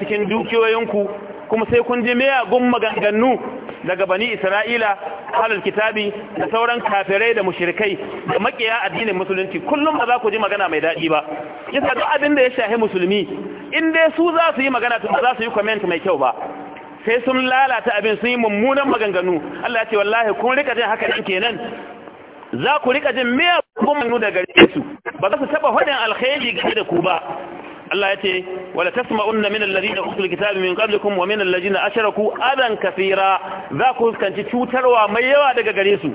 cikin dukiyoyinku kuma sai kun ji miyagun maganganu daga bani isra'ila halal kitabi da sauran kafirai da mushrikai da makiya addinin musulunci kullum ba za ku ji magana mai daɗi ba yasa duk abin da ya shahe musulmi in dai su za su yi magana tun ba za su yi comment mai kyau ba sai sun lalata abin sun yi mummunan maganganu Allah ya ce wallahi kun rika jin haka din kenan za ku rika jin miyagun maganganu daga gare su ba za su taɓa faɗin alkhairi game da ku ba Allah ya ce wala tasma'unna min alladhina utul kitabi min qablikum wa na alladhina ku adan kathira za ku fuskanci cutarwa mai yawa daga gare su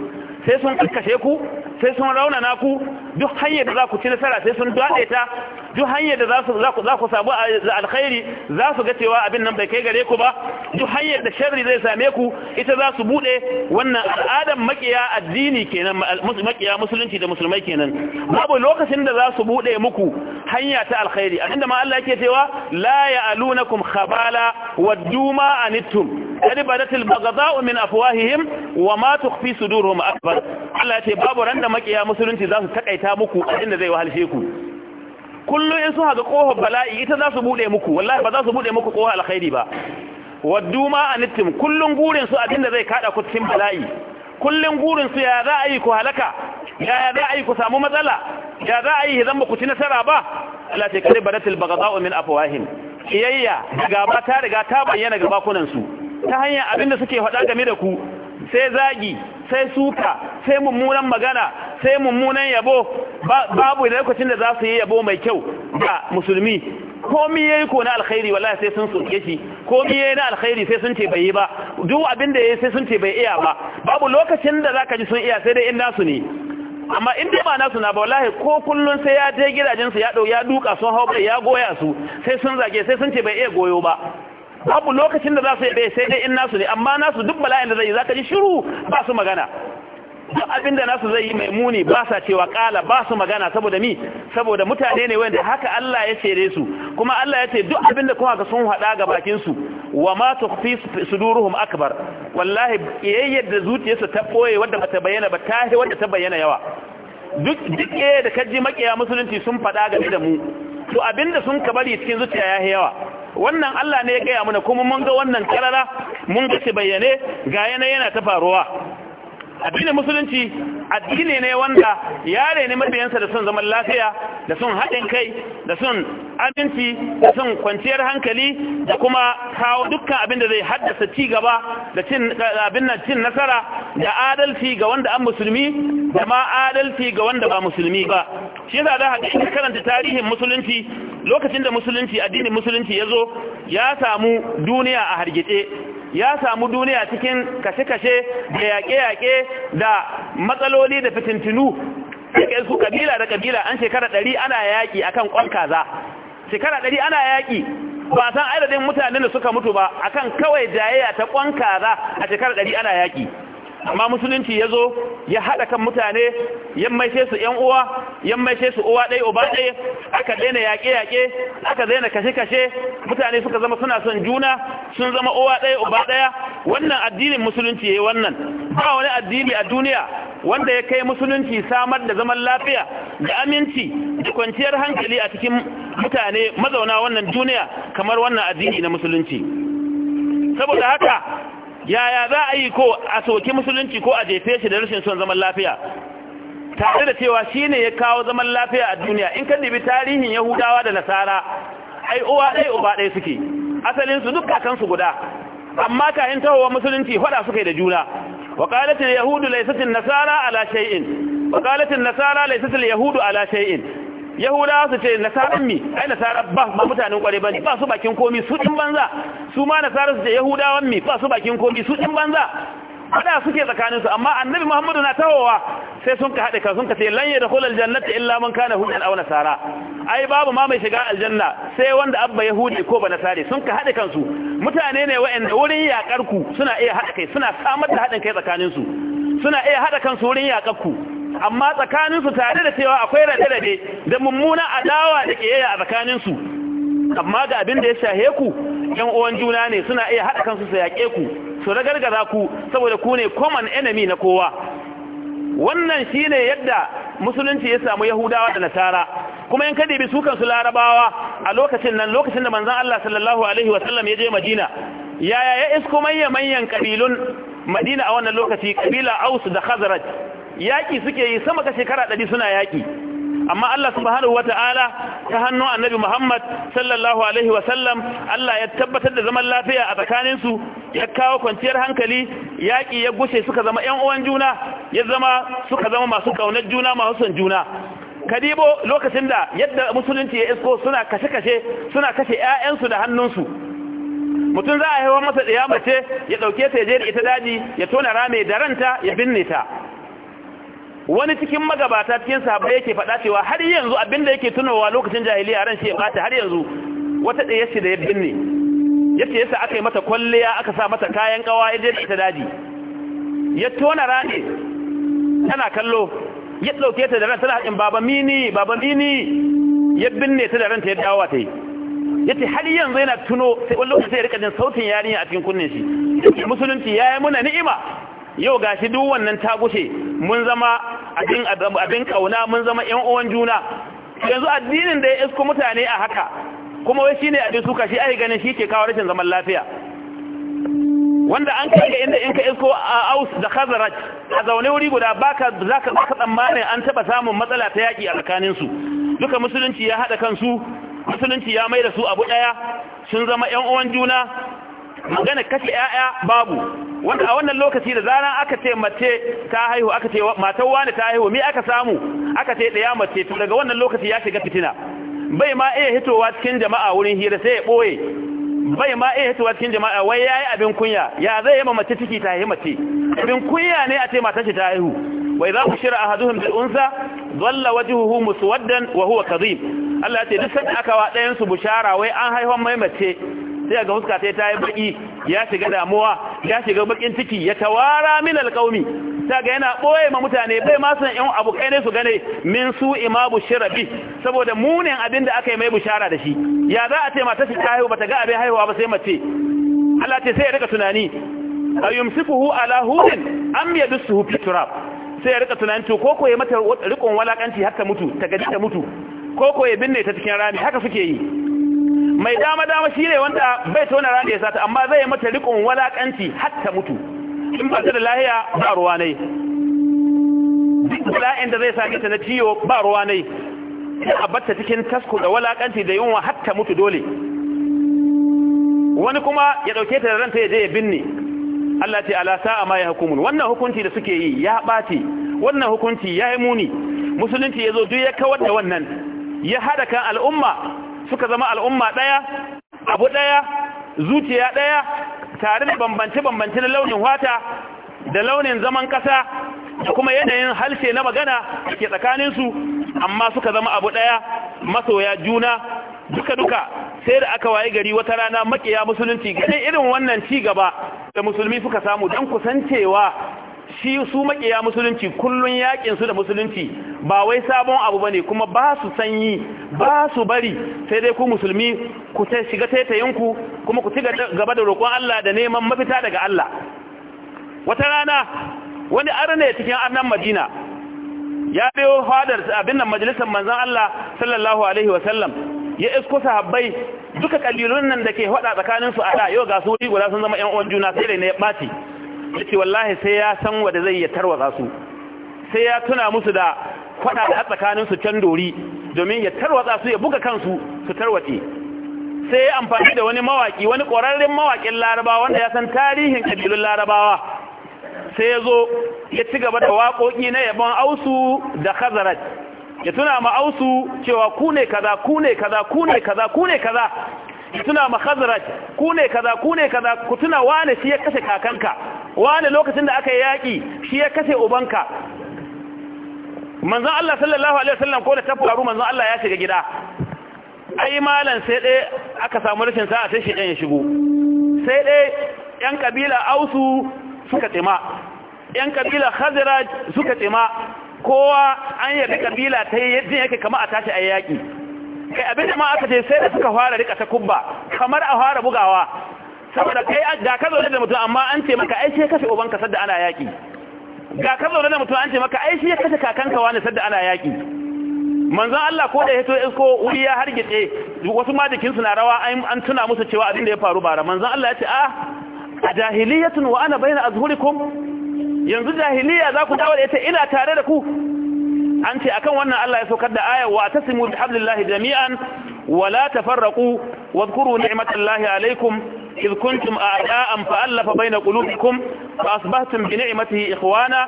sai sun kakkashe ku sai sun raunana ku duk hanyar da za ku ci nasara sai sun daɗe ta duk hanyar da za ku samu eh, alkhairi za su ga cewa abin nan bai kai gare ku ba duk hanyar da sharri zai same ku ita za su buɗe wannan al'adar makiya addini kenan makiya musulunci da musulmai kenan babu lokacin da za su buɗe muku hanya ta alkhairi inda ma Allah yake cewa la ya'alunakum khabala wadduma anittum kadi badatil baghdha'u min afwahihim wa ma tukhfi sudurhum akbar Allah ce babu randa makiya musulunci za su takaita muku inda zai wahalshe ku kullu in sun haga kohar bala'i ita za su bude muku wallahi ba za su bude muku kohar alkhairi ba wadduma anittum kullun gurin su da zai kada ku cikin bala'i kullun gurin su ya za ku halaka ya za ku samu matsala ya za a zan ba ku ci nasara ba Allah ce kare badatil baghdha'u min afwahihim iyayya gaba ta riga ta bayyana gaba kunan su ta hanyar abin da suke faɗa game da ku sai zagi sai suka sai mummunan magana sai mummunan yabo babu lokacin da za su yi yabo mai kyau ga musulmi komi yayi ko na alkhairi wallahi sai sun soke shi komi yayi na alkhairi sai sun ce bai yi ba duk abin da yayi sai sun ce bai iya ba babu lokacin da zaka ji sun iya sai dai in nasu ne amma in dai ba nasu na ba wallahi ko kullun sai ya je gidajen su ya dau ya duka sun hawo ya goya su sai sun zage sai sun ce bai iya goyo ba babu lokacin da za su yabe sai dai in nasu ne amma nasu duk bala'in da zai za ka ji shiru ba su magana duk abinda nasu zai yi mai muni ba sa cewa kala ba su magana saboda mi saboda mutane ne wanda haka Allah ya cere su kuma Allah ya ce duk abinda kuma ka sun hada ga bakin su wa ma tukfi suduruhum akbar wallahi yayyar da zuciyarsu ta boye wanda bata bayyana ba ta yi wanda ta bayyana yawa duk duk da kaji makiya musulunci sun fada ga da mu to abinda sun ka bari cikin zuciya ya yawa wannan Allah ne ya gaya mana kuma mun ga wannan karara mun ga shi bayyane ga yanayi yana ta faruwa addinin musulunci addini ne wanda yare ne mabiyansa da son zaman lafiya da son haɗin kai da son aminci da son kwanciyar hankali da kuma kawo dukkan abin da zai haddasa ci gaba da abin nan cin nasara da adalci ga wanda an musulmi da ma adalci ga wanda ba musulmi ba shi yasa da haƙiƙa karanta tarihin musulunci lokacin da musulunci addinin musulunci ya zo ya samu duniya a hargitse ya samu duniya cikin kashe-kashe da yaƙe-yaƙe da matsaloli da fitintinu da su kabila da kabila an shekara ɗari ana yaƙi akan ƙwan kaza shekara ɗari ana yaƙi ba san adadin mutanen da suka mutu ba a kan kawai jayayya ta kwan kaza a shekara ɗari ana yaƙi amma musulunci ya zo ya haɗa kan mutane ya maishe su ‘yan uwa ya maishe su uwa ɗaya uba ɗaya aka daina yaƙe-yaƙe aka daina kashe-kashe mutane suka zama suna son juna sun zama uwa ɗaya uba ɗaya wannan addinin musulunci ya yi wannan ba wani addini a duniya wanda ya kai musulunci samar da zaman lafiya da aminci da kwanciyar hankali a cikin mutane mazauna wannan duniya kamar wannan addini na musulunci saboda haka yaya za a yi ko a soki musulunci ko a jefe shi da rashin son zaman lafiya tare da cewa shi ne ya kawo zaman lafiya a duniya in ka nibi tarihin yahudawa da nasara ai uwa ɗaya uba ɗaya suke asalin su duk kakansu guda amma kayan tahowar musulunci fada suka da juna وقالت اليهود ليست النصارى على شيء Nasara nasara Yahudu yahudu ala shay'in yahudawa su ce nasarar mi ai nasarar ba ma mutanen kware ba ba su bakin komi su in banza su ma nasarar su ce yahudawan mi ba su bakin komi su in banza hada suke tsakaninsu amma annabi muhammadu na tawowa sai sun ka haɗe ka sun ka ce lan da hulal jannata illa man kana hudan aw nasara ai babu ma mai shiga aljanna sai wanda abba yahudi ko ba nasare sun ka haɗe kansu mutane ne waɗanda wurin yakar ku suna iya haɗa kai suna samar da haɗin kai tsakaninsu suna iya haɗa kansu wurin yakar ku amma tsakaninsu tare da cewa akwai rade-rade da mummuna adawa da ƙiyayya a tsakaninsu amma ga abin da ya shahe ku ‘yan uwan juna ne suna iya haɗa kansu su yaƙe ku su ragargaza ku saboda ku ne common enemy na kowa wannan shine yadda musulunci ya samu yahudawa da nasara kuma in sukan su larabawa a lokacin nan lokacin da manzon Allah sallallahu alaihi wa sallam ya je Madina yaya ya isko manyan manyan kabilun Madina a wannan lokaci kabila Aus da Khazraj yaƙi suke yi sama ka shekara ɗari suna yaƙi amma Allah subhanahu ta'ala ta hannun annabi Muhammad sallallahu alaihi wasallam Allah ya tabbatar da zaman lafiya a tsakanin su ya kawo kwanciyar hankali yaƙi ya gushe suka zama ƴan uwan juna ya zama suka zama masu ƙaunar juna masu son juna kadibo lokacin da yadda musulunci ya isko suna kashe-kashe suna kashe 'ya'yansu da hannunsu mutum za a haihuwa masa ɗaya mace ya ɗauke ta ya je da ita daji ya tona rame da ranta ya binne ta wani cikin magabata cikin sahabbai yake faɗa cewa har yanzu abinda yake tunawa lokacin jahiliya ran shi ya bata har yanzu wata ɗaya ce da ya binne yace yasa aka yi mata kwalliya aka sa mata kayan kawa idan je ta daji ya tona rani tana kallo ya dauke ta da ran tana hakin baba mini baba mini ya binne ta da ran ta ya dawo ta yi yace har yanzu yana tuno sai wallahi sai ya rika jin sautin yarinya a cikin kunnen shi musulunci yayi muna ni'ima yau gashi duk wannan ta gushe mun zama abin kauna mun zama ƴan uwan juna yanzu addinin da ya isko mutane a haka kuma wai shi ne abin suka shi ake ganin shi ke kawo rashin zaman lafiya wanda an kai ga inda in ka isko a aus da khazaraj a zaune wuri guda baka zaka ka tsammanin an taɓa samun matsala ta yaƙi a tsakaninsu. duka musulunci ya haɗa kansu musulunci ya mai da su abu ɗaya sun zama yan uwan juna magana kashi ƴaƴa babu wanda a wannan lokaci da zana aka ce mace ta haihu aka ce matar wani ta haihu me aka samu aka ce ɗaya mace to daga wannan lokaci ya shiga fitina bai ma iya hitowa cikin jama'a wurin hira sai ya ɓoye bai ma iya hitowa cikin jama'a wai ya yi abin kunya ya zai yima mace ciki ta haihu mace abin kunya ne a ce matar shi ta haihu wai za ku ahaduhum a bil unsa dhalla wajhuhu muswaddan wa huwa kadhib Allah ya ce duk sanda aka wa ɗayan su bushara wai an haihu mai mace sai ga huska sai ta yi baki ya shiga damuwa ya shiga bakin ciki ya tawara min alqaumi ta ga yana boye ma mutane bai ma san yan abu kai ne su gane min su imabu shirabi saboda munin abin da aka yi mai bushara da shi ya za a ce ta shi ta haihu bata ga abin haihuwa ba sai mace Allah ce sai ya rika tunani ayumsikuhu ala hudin am yadussuhu fi turab sai ya rika tunani to ko ya mata rikon walakanci har ta mutu ta gaji ta mutu ko ya binne ta cikin rami haka suke yi mai dama dama shi ne wanda bai tona ran da ya sata amma zai mata rikon walakanci hatta mutu in ba da lahiya ba ruwa ne duk bala'in da zai sake ta na ciwo ba ruwa ne a batta cikin tasko da walakanci da yunwa hatta mutu dole wani kuma ya dauke ta da ranta ya je ya binne Allah ce ala sa'a ma ya hukumun wannan hukunci da suke yi ya bace wannan hukunci ya yi muni musulunci ya zo duk ya kawar da wannan ya haɗa kan al'umma suka zama al'umma ɗaya abu ɗaya zuciya ɗaya tare da bambance-bambance na launin wata da launin zaman ƙasa da kuma yanayin halshe na magana ke tsakaninsu amma suka zama abu ɗaya masoya juna duka-duka sai da aka waye gari wata rana makiya musulunci ganin irin wannan ci gaba da musulmi suka samu don kusancewa shi su makiya musulunci kullun yakin su da musulunci ba wai sabon abu bane kuma ba su sanyi ba su bari sai dai ku musulmi ku ta shiga taitayinku kuma ku tiga gaba da roƙon Allah da neman mafita daga Allah wata rana wani arne cikin annan Madina ya biyo fadar abin nan majalisar manzon Allah sallallahu alaihi wa sallam ya isko sahabbai duka kalilun nan da ke hada tsakanin a da yau ga su wuri guda sun zama ƴan uwan juna sai dai ne ya ɓaci ce wallahi sai ya san wadda zai iya tarwatsa su sai ya tuna musu da kwada da tsakanin su can dori domin ya tarwatsa su ya buga kansu su tarwace sai ya amfani da wani mawaki wani ƙwararren mawakin larabawa wanda ya san tarihin ƙabilun larabawa sai ya zo ya ci gaba da waƙoƙi na yabon ausu da khazarat ya tuna ma ausu cewa ku ne kaza ku ne kaza ku ne kaza ku ne kaza ya tuna ma khazarat ku ne kaza ku ne kaza ku tuna wane shi ya kashe kakanka wani lokacin da aka yi yaƙi shi ya kashe ubanka manzan Allah sallallahu Alaihi wasallam ko da ta faru manzan Allah ya shiga gida ai malan sai ɗaya aka samu rashin sa'a sai shiɗan ya shigo sai ɗaya ‘yan ƙabila ausu suka tsima ‘yan ƙabila hazira suka tsima kowa an yabi ƙabila ta yi yadda yake kama a tashi a yaƙi kai abin da ma aka ce sai da suka fara rika ta kubba kamar a fara bugawa saboda kai ga ka zaune da mutum amma an ce maka ai sai kafe ubanka sadda ana yaki ga ka zaune da mutum an ce maka ai sai kafe kakanka wani sadda ana yaki manzon Allah ko da ya to isko wuri ya hargitse wasu ma na rawa an tuna musu cewa abin da ya faru bara manzon Allah ya ce a ah, a jahiliyatun wa ana baina azhurikum yanzu jahiliya za ku dawo da ita ina tare da ku an ce akan wannan Allah ya saukar da aya wa tasimu bihablillahi jami'an wa la tafarraqu wa dhkuru ni'matallahi alaikum إذ كنتم أعداء فألف بين قلوبكم فأصبحتم بنعمته إخوانا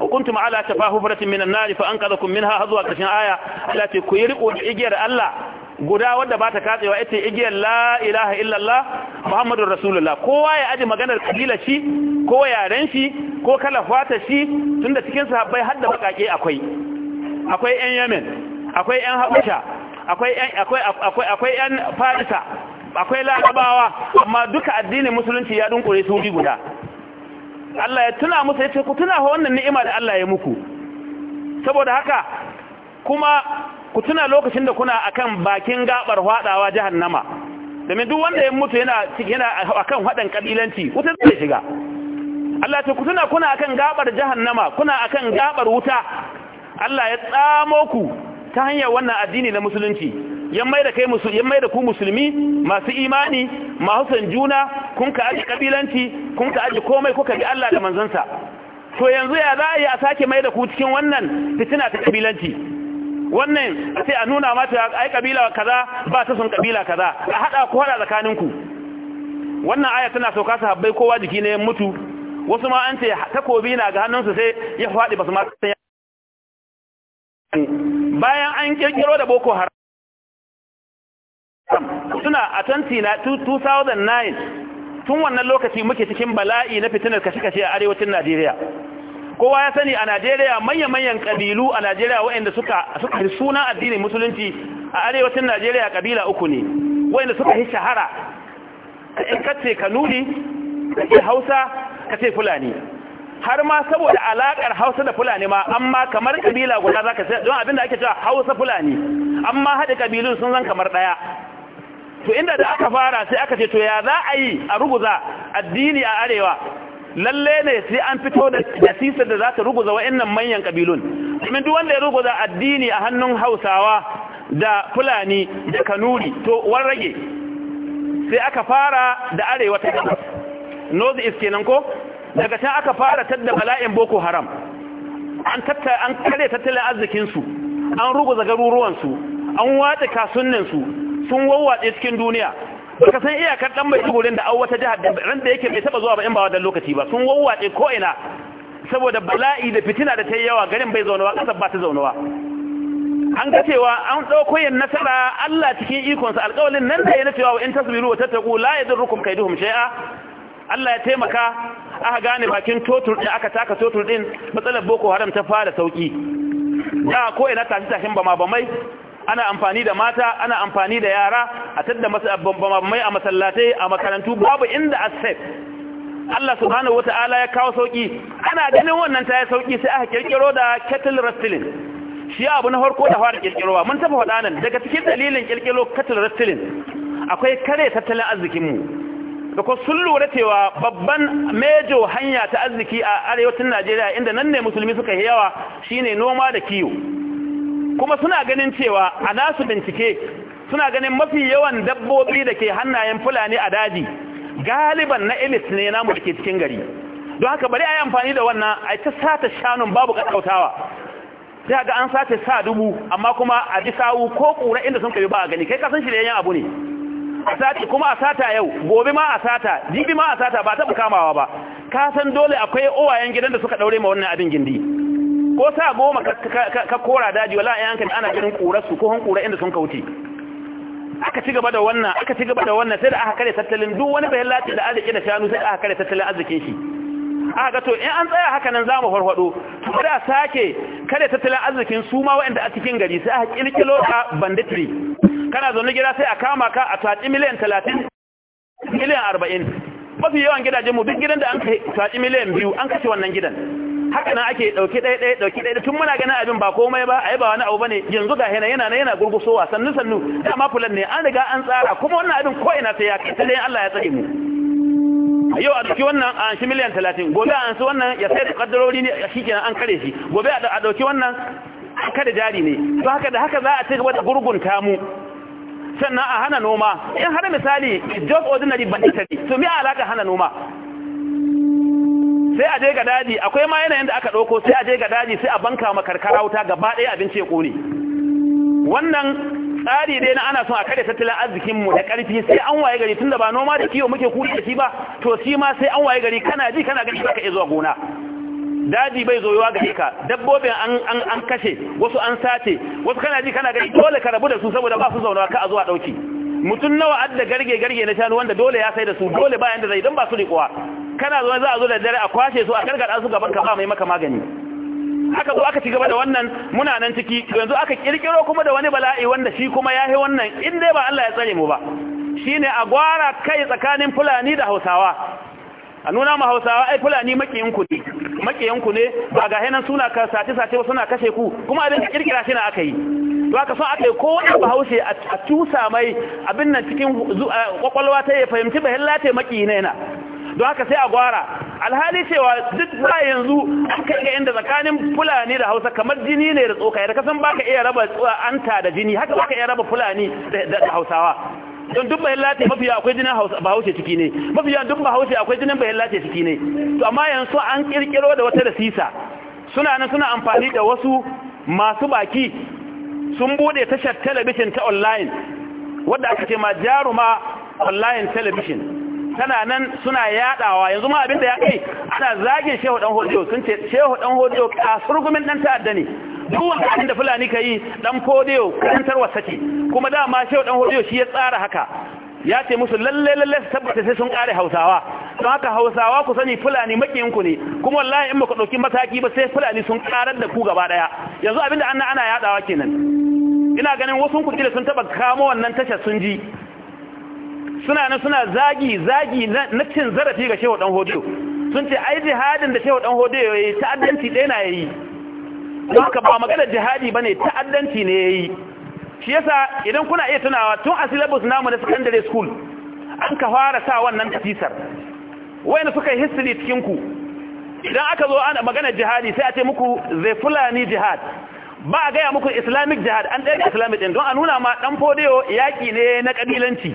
وكنتم على شفا حفرة من النار فأنقذكم منها هذو أكتشن آية التي كيرقوا إجير الله guda wadda ba ta katsewa ita igiyar la ilaha illallah muhammadun rasulullah kowa ya ajiye maganar kabila shi ko yaren shi ko kala fata shi tunda cikin sahabbai har da bakake akwai akwai yan yemen akwai yan habasha akwai akwai akwai akwai yan farisa akwai larabawa amma duka addinin musulunci ya dunkure su bi guda Allah ya tuna musu ya ce ku tuna wannan ni'ima da Allah ya muku saboda haka kuma ku tuna lokacin da kuna akan bakin gabar hwadawa jahannama domin duk wanda ya mutu yana yana akan hadan kabilanci wuta zai shiga Allah ya ce ku tuna kuna akan gabar jahannama kuna akan gabar wuta Allah ya tsamo ku ta hanyar wannan addini na musulunci yan mai da kai yan ku musulmi masu imani masu san juna kun ka aji kabilanci kun ka aji komai kuka bi Allah da manzansa to yanzu ya za a yi a sake mai da ku cikin wannan fitina ta kabilanci wannan sai a nuna mata ai kabila kaza ba ta son kabila kaza a hada ku hada tsakaninku wannan aya tana sauka sahabbai kowa jiki ne mutu wasu ma an ce takobi na ga hannunsu sai ya faɗi basu ma bayan an kirkiro da boko haram suna a 2009 tun wannan lokaci muke cikin bala'i na fitinar kashe-kashe a arewacin najeriya kowa ya sani a najeriya manya-manyan kabilu a najeriya waɗanda suka suka suna addinin musulunci a arewacin najeriya kabila uku ne waɗanda suka yi shahara in kace kanuri kace hausa kace fulani har ma saboda alakar hausa da fulani ma amma kamar kabila guda zaka sai don abinda ake cewa hausa fulani amma haɗe kabilun sun zan kamar ɗaya. to inda da aka fara sai aka ce to ya za a yi a ruguza addini a arewa lalle ne sai an fito da dasisar da za ta ruguza wa'annan manyan kabilun domin duk wanda ya ruguza addini a hannun hausawa da fulani da kanuri to wan rage sai aka fara da arewa ta gaba north east kenan ko daga can aka fara tadda bala'in boko haram an tattara an kare tattalin arzikin su an ruguza garuruwan su an watsa kasunninsu. su sun wawwace cikin duniya baka san iyakar dan mai gurin da awwata jihar da ran da yake bai taba zuwa ba in ba dan lokaci ba sun wawwace ko ina saboda bala'i da fitina da ta yi yawa garin bai zaunawa kasar ba ta zaunawa an ga cewa an dauko yin nasara Allah cikin ikonsa alƙawalin nan da ya nacewa in tasbiru wa tattaqu la yadurrukum kaiduhum shay'a Allah ya taimaka aka gane bakin totur din aka taka totur din matsalar boko haram ta fara sauki da ko ina tashi tashin ba ma ba mai ana amfani da mata ana amfani da yara a tadda mai a masallatai a makarantu babu inda a Allah subhanahu wata'ala ya kawo sauki ana ganin wannan ta ya sauki sai aka kirkiro da kettle wrestling shi abu na harko da fara kirkirowa mun tafi faɗa nan daga cikin dalilin kirkiro kettle wrestling akwai kare tattalin arzikin mu da ko sun lura cewa babban mejo hanya ta arziki a arewacin Najeriya inda nan ne musulmi suka yi yawa shine noma da kiwo kuma suna ganin cewa a nasu bincike suna ganin mafi yawan dabbobi da ke hannayen fulani a daji galiban na ilis ne namu da ke cikin gari don haka bari a yi amfani da wannan a ta sata shanun babu kasautawa sai ga an sace sa dubu amma kuma a ji sawu ko ƙura inda sun kabi ba a gani kai kasan shirya abu ne a sace kuma a sata yau gobe ma a sata jibi ma a sata ba taɓa kamawa ba kasan dole akwai owayen gidan da suka ɗaure ma wannan abin gindi ko sa goma ka kora daji wala a yankin ana kura su ko hankura inda sun kauti aka ci gaba da wannan aka ci gaba da wannan sai da aka kare tattalin duk wani bayan lati da arziki da shanu sai aka kare tattalin arzikin shi aka ga to in an tsaya haka nan zamu farfado to da sake kare tattalin arzikin su ma wa'anda a cikin gari sai aka kirkiro ka banditry kana zaune gida sai a kama ka a tatsi miliyan 30 miliyan 40 mafi yawan gidajen mu duk gidan da an tatsi miliyan 2 an kashe wannan gidan haka nan ake dauki ɗaya ɗaya dauki ɗaya tun muna ganin abin ba komai ba ai ba wani abu bane yanzu ga hena yana yana gurgusowa sannu sannu dama fulan ne an riga an tsara kuma wannan abin ko ina sai ya kai sai Allah ya tsare mu yau a dauki wannan a shi miliyan talatin gobe a su wannan ya sai da kaddarori ne shi an kare shi gobe a dauki wannan an kada jari ne to haka da haka za a ce wata gurgunta mu sannan a hana noma in har misali job ordinary banditary to me alaka hana noma sai a je ga daji akwai ma yanayin da aka ɗauko sai a je ga daji sai a banka ma karkara wuta gaba ɗaya abinci ya ƙone wannan tsari dai na ana son a kare tattalin arzikinmu da ƙarfi sai an waye gari tunda ba noma da kiwo muke kuri da shi ba to shi ma sai an waye gari kana ji kana gani baka iya zuwa gona daji bai zoyewa gare ka dabbobin an kashe wasu an sace wasu kana ji kana gani dole ka rabu da su saboda ba su zaunawa ka a zuwa ɗauki mutum nawa adda garge garge na shanu wanda dole ya sai da su dole bayan da zai don ba su riƙuwa kana zuwa za a zo da dare a kwashe su a kargada su gaban ka ba mai maka magani aka zo aka ci gaba da wannan muna nan ciki yanzu aka kirkiro kuma da wani bala'i wanda shi kuma ya yi wannan in dai ba Allah ya tsare mu ba shine a gwara kai tsakanin fulani da hausawa a nuna ma hausawa ai fulani makiyin ku ne makiyin ku ne ba ga hainan suna ka sace sace ba suna kashe ku kuma dinka kirkira shi na aka yi to aka so aka yi ko wani bahaushe a tusa mai abin nan cikin kwakwalwa ta ya fahimci ba hilla maki ne na don haka sai a gwara alhali cewa duk ba yanzu aka iya inda tsakanin fulani da hausa kamar jini ne da tsoka da kasan baka iya raba anta da jini haka baka iya raba fulani da hausawa don duk bayan lati mafi akwai jinin ba Hausa ciki ne mafi yawa duk hausa akwai jinin bayan lati ciki ne to amma yanzu an kirkiro da wata rasisa suna nan suna amfani da wasu masu baki sun bude tashar talabijin ta online wadda aka ce ma jaruma online television tana nan suna yadawa yanzu ma abinda ya kai ana zagin shehu dan hodiyo sun ce shehu dan hodiyo surgumin dan ta'adda ne duk wanda abin da fulani kai dan hodiyo wasa ce kuma da dama shehu dan hodiyo shi ya tsara haka ya ce musu lalle lalle su tabbata sai sun kare hausawa don haka hausawa ku sani fulani ku ne kuma wallahi in muka dauki mataki ba sai fulani sun karar da ku gaba daya yanzu abinda ana ana yadawa kenan ina ganin wasu ku sun taba kamo wannan tashar sun ji suna nan suna zagi zagi na cin zarafi ga shehu dan hodo sun ce ai jihadin da shehu dan hodo yayi ta'addanci ɗaya na yayi don ka ba magana jihadi bane ta'addanci ne yayi shi yasa idan kuna iya tunawa tun a syllabus namu na secondary school an ka fara sa wannan tafisar wayanda suka yi history cikin ku idan aka zo ana magana jihadi sai a ce muku zai fulani jihad ba a gaya muku islamic jihad an ɗaya islamic din don a nuna ma dan fodeyo yaki ne na kabilanci.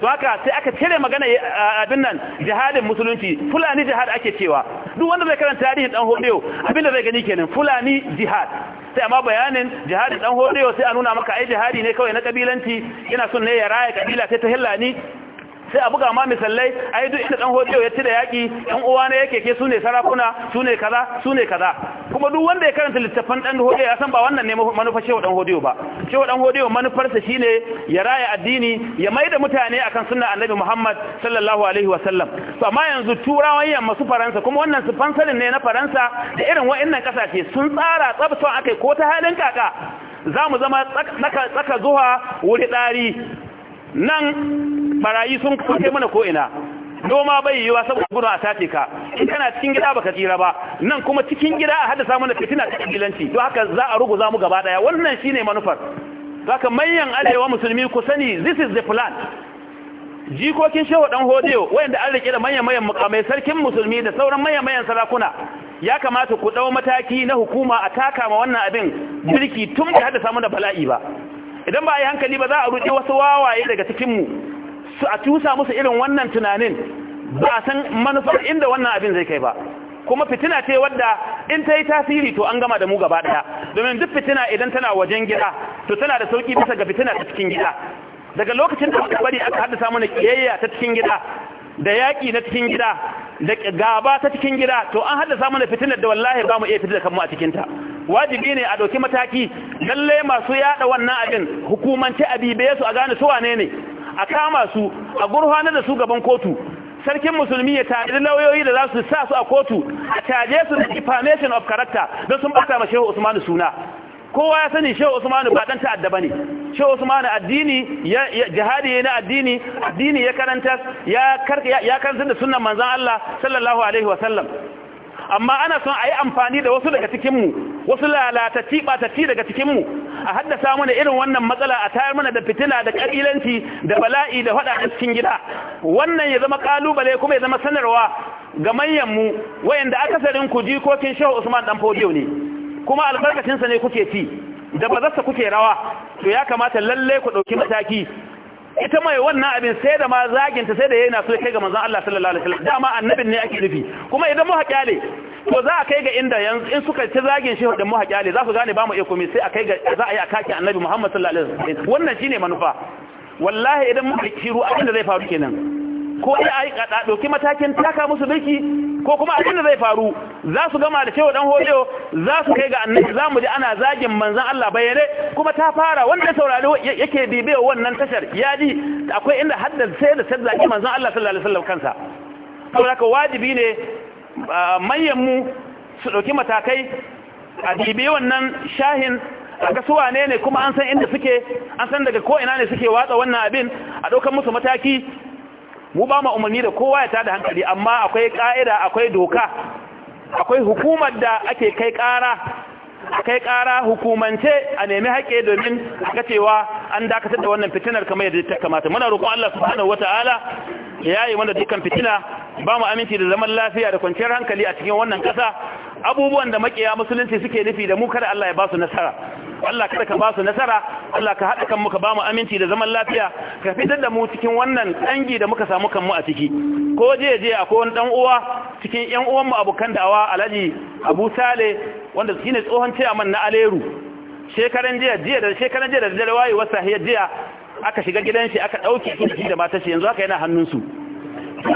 to haka sai aka cire magana eh, abin nan jihadin musulunci fulani jihad ake cewa duk wanda zai karanta tarihin dan hodeo abin da zai gani kenan fulani jihad sai amma bayanin jihadin dan hodeo sai a nuna maka ai jihadi ne kawai na kabilanci ina son ne ya raya kabila sai ta hillani sai a buga ma misallai ai duk inda dan hodiyo ya ci da yaki ɗan uwa ne yake ke sune sarakuna sune kaza sune kaza kuma duk wanda ya karanta littattafan dan hodiyo ya san ba wannan ne manufar shehu dan hodiyo ba shehu dan hodiyo manufar sa shine ya raya addini ya maida mutane akan sunna annabi Muhammad sallallahu alaihi wa sallam to amma yanzu turawan yamma su faransa kuma wannan su fansalin ne na faransa da irin wa'annan kasashe sun tsara tsabtan akai ko ta halin kaka za mu zama tsaka zuwa wuri ɗari nan barayi sun kuke mana ko ina noma bai yiwa saboda gudun a sace ka in kana cikin gida baka tsira ba nan kuma cikin gida a haddasa mana fitina ta kabilanci to haka za a ruguza mu gaba daya wannan shine manufar zaka manyan arewa musulmi ku sani this is the plan jikokin shehu dan hodiyo wayanda an rike da manyan manyan mukamai sarkin musulmi da sauran manyan manyan sarakuna ya kamata ku dau mataki na hukuma a taka ma wannan abin birki tun da haddasa mana bala'i ba idan ba a yi hankali ba za a ruɗe wasu wawaye daga cikinmu su a cusa musu irin wannan tunanin ba a san manufar inda wannan abin zai kai ba kuma fitina ce wadda in ta yi tasiri to an gama da mu gaba ɗaya domin duk fitina idan tana wajen gida to tana da sauƙi bisa ga fitina ta cikin gida daga lokacin da aka bari aka haddasa mana kiyayya ta cikin gida da yaƙi na cikin gida da gaba ta cikin gida to an haddasa mana fitinar da wallahi ba mu iya fitar da kanmu a cikinta wajibi ne a ɗauki mataki lalle masu yada wannan abin hukumance abibe su a gane su wane ne a kama su a gurfanar da su gaban kotu sarkin musulmi ya tare lauyoyi da za su sa su a kotu a caje su da information of character don sun bata ma shehu usmanu suna kowa ya sani shehu usmanu ba dan ta'adda bane shehu usmanu addini ya jihadi na addini addini ya karanta ya karka ya karanta da sunnan manzon Allah sallallahu alaihi wa sallam. amma ana son a yi amfani da wasu daga cikinmu wasu lalatacci ɓatacci daga cikinmu a haddasa mana irin wannan matsala a tayar mana da fitila da ƙabilanci da bala'i da faɗa a cikin gida wannan ya zama ƙalubale kuma ya zama sanarwa ga manyanmu wayanda akasarin ku jikokin shehu usman dan fodiyo ne kuma albarkacinsa ne kuke ci da bazarsa kuke rawa to ya kamata lalle ku ɗauki mataki ita mai wannan abin sai da ma zaginta sai da yana so ya kai ga manzon Allah sallallahu alaihi wasallam dama annabin ne ake nufi kuma idan mu haƙale to za a kai ga inda yanzu in suka ci zagin shi da mu haƙale za su gane ba mu iya komai sai a kai ga za a yi akaki annabi Muhammad sallallahu alaihi wasallam wannan shine manufa wallahi idan mu kiro abin da zai faru kenan ko ai ai ka dauki matakin taka musu biki ko kuma abin da zai faru za su gama da cewa dan hodiyo za su kai ga annabi za mu ji ana zagin manzon Allah bayyane kuma ta fara wanda saurari yake dibe wannan tashar ya ji akwai inda hadda sai da sai zagi manzon Allah sallallahu alaihi wasallam kansa saboda ka wajibi ne manyan mu su dauki matakai a dibe wannan shahin a ga suwa ne ne kuma an san inda suke an san daga ko ina ne suke watsa wannan abin a ɗaukar musu mataki mu ba mu umarni da kowa ya tada hankali amma akwai ka'ida akwai doka akwai hukumar da ake kai kara kai kara hukumance a nemi haƙe domin ga cewa an dakatar da wannan fitinar kamar yadda ta kamata muna roƙon Allah subhanahu wataala ya yi mana dukkan fitina ba mu aminci da zaman lafiya da kwanciyar hankali a cikin wannan ƙasa abubuwan da makiya musulunci suke nufi da mu kada Allah ya ba su nasara Allah kada ka ba su nasara Allah ka haɗa kanmu ka ba mu aminci da zaman lafiya ka fitar da mu cikin wannan dangi da muka samu kanmu a ciki ko je je akwai wani dan uwa cikin ƴan uwanmu abokan da'awa Alhaji Abu Sale wanda ne tsohon chairman na Aleru shekaran jiya jiya da shekaran jiya da dare wayi wasa hiya jiya aka shiga gidan shi aka dauke shi da matar shi yanzu haka yana hannun su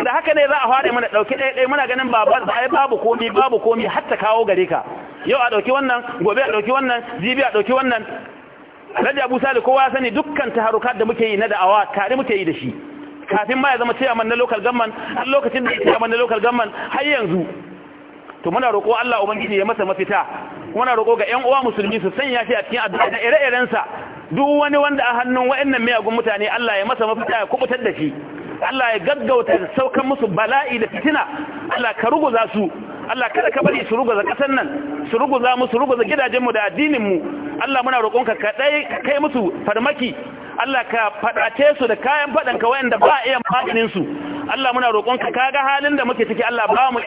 da haka ne za a fara mana dauke ɗaya ɗaya muna ganin baban ai babu komi babu komi har ta kawo gare ka yau a ɗauki wannan gobe a ɗauki wannan jibi a ɗauki wannan Alhaji Abu Sali kowa ya sani dukkan taharukat da muke yi na da'awa tare muke yi da shi kafin ma ya zama chairman na local government har lokacin da ya chairman na local government har yanzu to muna roƙo Allah ubangiji ya masa mafita muna roƙo ga ƴan uwa musulmi su sanya shi a cikin addu'a da ire-iren sa duk wani wanda a hannun nan miyagun mutane Allah ya masa mafita ya kubutar da shi Allah ya gaggauta saukan musu bala'i da fitina Allah ka ruguza su Allah kada ka bari su ruguza ƙasar nan su ruguza mu su ruguza gidajenmu da addininmu Allah muna roƙonka ka kai musu farmaki Allah ka faɗace su da kayan ka wayanda ba iya maganin su Allah muna roƙonka kaga halin da muke ciki Allah ba mu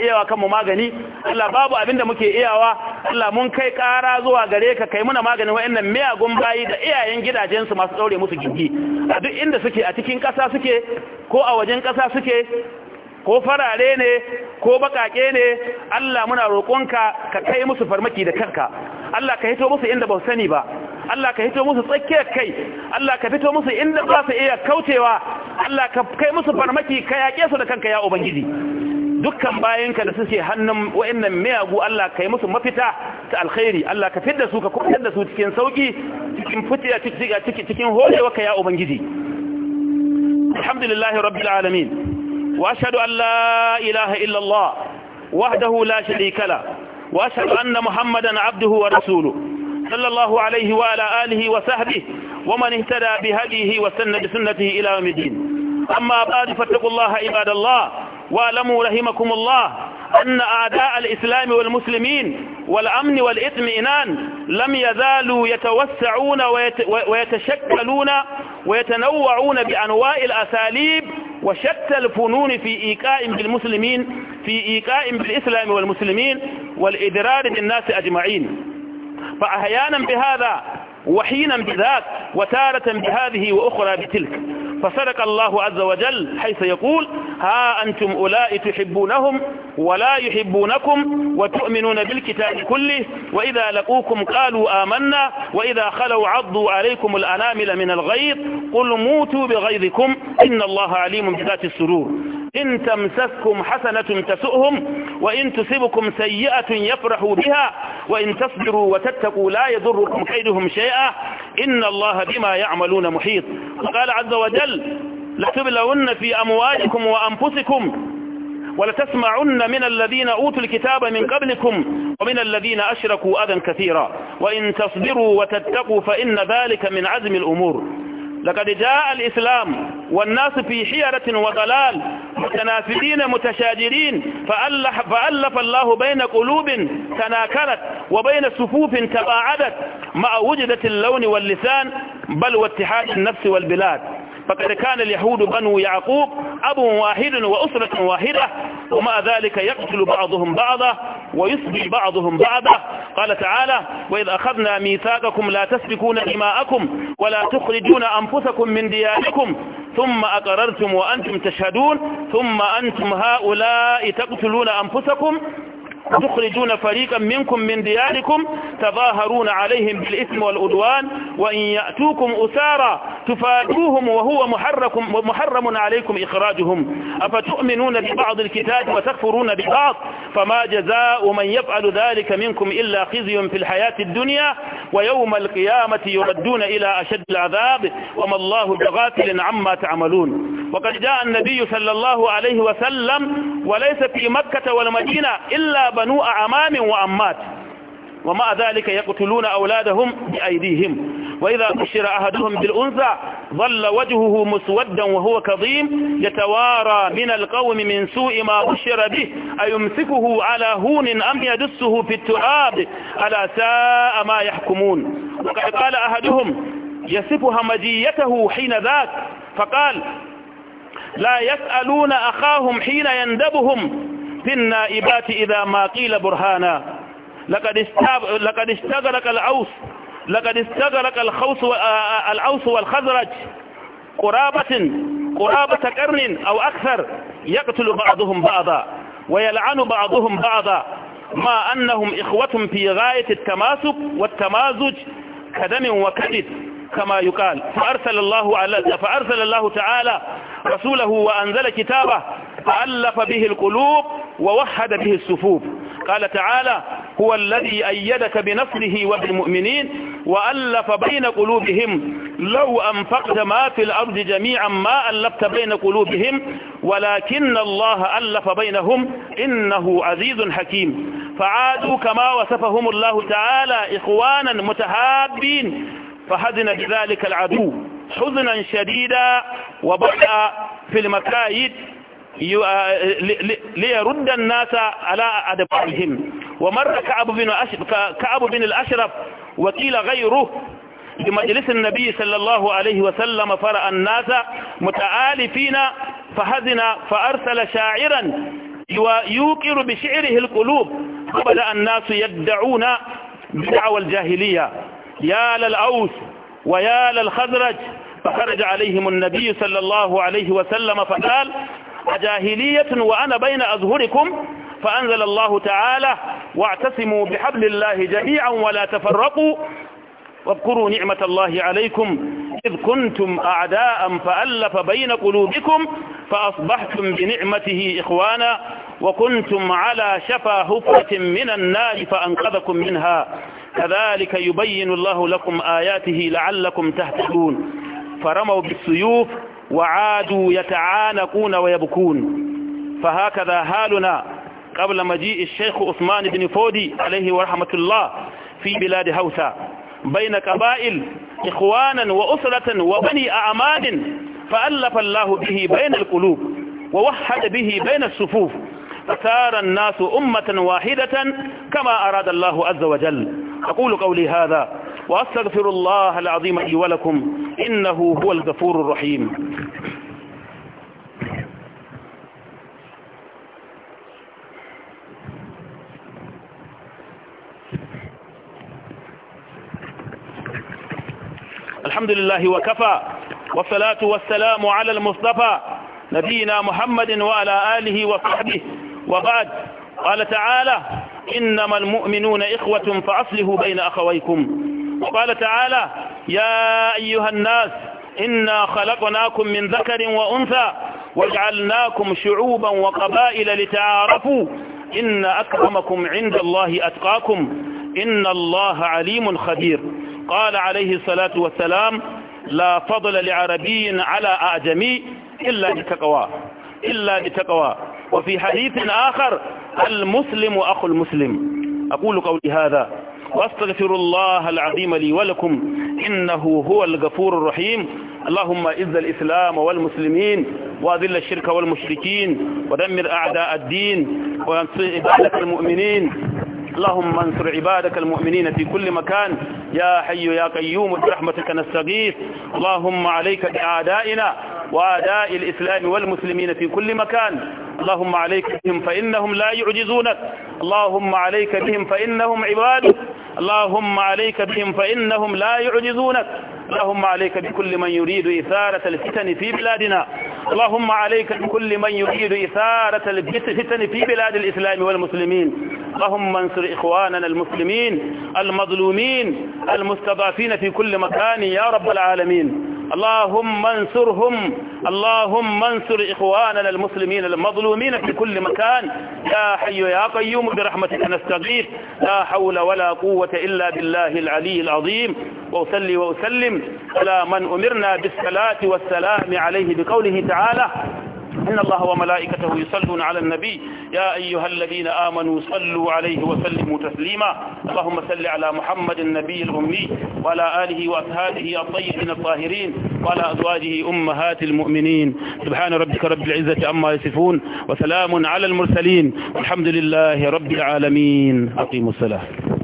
iyawa kanmu magani Allah babu abinda muke iyawa Allah mun kai ƙara zuwa gare ka kai muna maganin wayannan miyagun bayi da iyayen gidajensu masu daure musu gindi a duk inda suke a cikin ƙasa suke ko a wajen ƙasa suke ko farare ne ko bakake ne Allah muna roƙonka ka kai musu farmaki da kanka Allah ka hito musu inda ba sani ba Allah ka hito musu tsakiyar kai Allah ka fito musu inda ba su iya kaucewa Allah ka kai musu farmaki ka yaƙe su da kanka ya ubangiji dukkan bayanka da suke hannun wa'annan miyagu Allah ka yi musu mafita ta alkhairi Allah ka fidda su ka kwatar da su cikin sauki cikin fitiya cikin cikin horewa ka ya ubangiji alhamdulillahi rabbil alamin وأشهد أن لا إله إلا الله وحده لا شريك له وأشهد أن محمدا عبده ورسوله صلى الله عليه وعلى آله وصحبه ومن اهتدى بهديه وسن بسنته إلى يوم الدين أما بعد فاتقوا الله عباد الله واعلموا رحمكم الله أن أعداء الإسلام والمسلمين والأمن والإطمئنان لم يزالوا يتوسعون ويتشكلون ويتنوعون بأنواع الأساليب وشتى الفنون في إيقاء بالمسلمين في إيقاء بالإسلام والمسلمين والإدرار بالناس أجمعين فأحيانا بهذا وحينا بذاك وتارة بهذه وأخرى بتلك فصدق الله عز وجل حيث يقول ها أنتم أولئك تحبونهم ولا يحبونكم وتؤمنون بالكتاب كله وإذا لقوكم قالوا آمنا وإذا خلوا عضوا عليكم الأنامل من الغيظ قل موتوا بغيظكم إن الله عليم بذات السرور إن تمسككم حسنة تسؤهم وإن تصبكم سيئة يفرحوا بها وإن تصبروا وتتقوا لا يضركم كيدهم شيئا إن الله بما يعملون محيط وقال عز وجل لتبلون في أموالكم وأنفسكم ولتسمعن من الذين أوتوا الكتاب من قبلكم ومن الذين أشركوا أذى كثيرا وإن تصبروا وتتقوا فإن ذلك من عزم الأمور لقد جاء الإسلام والناس في حيرة وضلال متنافرين متشاجرين فألف, فألف الله بين قلوب تناكرت وبين صفوف تباعدت مع وجدة اللون واللسان بل واتحاد النفس والبلاد فقد كان اليهود بنو يعقوب أب واحد وأسرة واحدة ومع ذلك يقتل بعضهم بعضا ويسبي بعضهم بعضا قال تعالى وإذ أخذنا ميثاقكم لا تسفكون دماءكم ولا تخرجون أنفسكم من دياركم ثم أقررتم وأنتم تشهدون ثم أنتم هؤلاء تقتلون أنفسكم تخرجون فريقا منكم من دياركم تظاهرون عليهم بالإثم والأدوان وإن يأتوكم أسارا تفادوهم وهو محركم محرم عليكم إخراجهم أفتؤمنون ببعض الكتاب وتكفرون ببعض فما جزاء من يفعل ذلك منكم إلا خزي في الحياة الدنيا ويوم القيامة يردون إلى أشد العذاب وما الله بغافل عما تعملون وقد جاء النبي صلى الله عليه وسلم وليس في مكة والمدينة إلا بنو أعمام وأمات ومع ذلك يقتلون أولادهم بأيديهم وإذا بشر أحدهم بالأنثى ظل وجهه مسودا وهو كظيم يتوارى من القوم من سوء ما بشر به أيمسكه على هون أم يدسه في التراب ألا ساء ما يحكمون وقد قال أحدهم يصف همجيته حين ذاك فقال لا يسألون أخاهم حين يندبهم في النائبات إذا ما قيل برهانا لقد اشتغلك العوس لقد استغرق الخوص الأوس والخزرج قرابة قرابة قرن أو أكثر يقتل بعضهم بعضا ويلعن بعضهم بعضا ما أنهم إخوة في غاية التماسك والتمازج كدم وكدد كما يقال فأرسل الله, على فأرسل الله تعالى رسوله وأنزل كتابه فألف به القلوب ووحد به السفوف قال تعالى هو الذي أيدك بنصره وبالمؤمنين وألف بين قلوبهم لو أنفقت ما في الأرض جميعا ما ألفت بين قلوبهم ولكن الله ألف بينهم إنه عزيز حكيم فعادوا كما وصفهم الله تعالى إخوانا متهابين فحزن بذلك العدو حزنا شديدا وبدأ في المكايد آه، ليرد الناس على أدبارهم ومر كعب بن, كعب بن الأشرف وقيل غيره لمجلس النبي صلى الله عليه وسلم فرأى الناس متآلفين فحزن فأرسل شاعرا يوقر بشعره القلوب فبدأ الناس يدعون بدعوى الجاهلية يا للأوس ويا للخزرج فخرج عليهم النبي صلى الله عليه وسلم فقال أجاهلية وأنا بين أظهركم فأنزل الله تعالى واعتصموا بحبل الله جميعا ولا تفرقوا واذكروا نعمة الله عليكم إذ كنتم أعداء فألف بين قلوبكم فأصبحتم بنعمته إخوانا وكنتم على شفا هفرة من النار فأنقذكم منها كذلك يبين الله لكم آياته لعلكم تهتدون فرموا بالسيوف وعادوا يتعانقون ويبكون فهكذا حالنا قبل مجيء الشيخ عثمان بن فودي عليه ورحمة الله في بلاد هوسا بين قبائل إخوانا وأسرة وبني أعماد فألف الله به بين القلوب ووحد به بين الصفوف فسار الناس أمة واحدة كما أراد الله عز وجل أقول قولي هذا وأستغفر الله العظيم لي ولكم إنه هو الغفور الرحيم الحمد لله وكفى والصلاة والسلام على المصطفى نبينا محمد وعلى آله وصحبه وبعد قال تعالى إنما المؤمنون إخوة فأصلحوا بين أخويكم وقال تعالى يا أيها الناس إنا خلقناكم من ذكر وأنثى وجعلناكم شعوبا وقبائل لتعارفوا إن أكرمكم عند الله أتقاكم إن الله عليم خبير قال عليه الصلاة والسلام لا فضل لعربي على أعجمي إلا بتقوى إلا بتقوى وفي حديث آخر المسلم أخو المسلم أقول قولي هذا وأستغفر الله العظيم لي ولكم إنه هو الغفور الرحيم اللهم إذ الإسلام والمسلمين وأذل الشرك والمشركين ودمر أعداء الدين وانصر عبادك المؤمنين اللهم انصر عبادك المؤمنين في كل مكان يا حي يا قيوم برحمتك نستغيث اللهم عليك بأعدائنا وأعداء الإسلام والمسلمين في كل مكان اللهم عليك بهم فإنهم لا يعجزونك اللهم عليك بهم فإنهم عبادك اللهم عليك بهم فإنهم لا يعجزونك اللهم عليك بكل من يريد إثارة الفتن في بلادنا اللهم عليك بكل من يريد إثارة الفتن في بلاد الإسلام والمسلمين اللهم انصر إخواننا المسلمين المظلومين المستضعفين في كل مكان يا رب العالمين اللهم انصرهم اللهم انصر إخواننا المسلمين المظلومين في كل مكان يا حي يا قيوم برحمتك نستغيث لا حول ولا قوة إلا بالله العلي العظيم وأصلي وأسلم على من أمرنا بالصلاة والسلام عليه بقوله تعالى إن الله وملائكته يصلون على النبي يا أيها الذين آمنوا صلوا عليه وسلموا تسليما اللهم صل على محمد النبي الأمي وعلى آله وأصحابه الطيبين الطاهرين وعلى أزواجه أمهات المؤمنين سبحان ربك رب العزة عما يصفون وسلام على المرسلين والحمد لله رب العالمين أقيموا الصلاة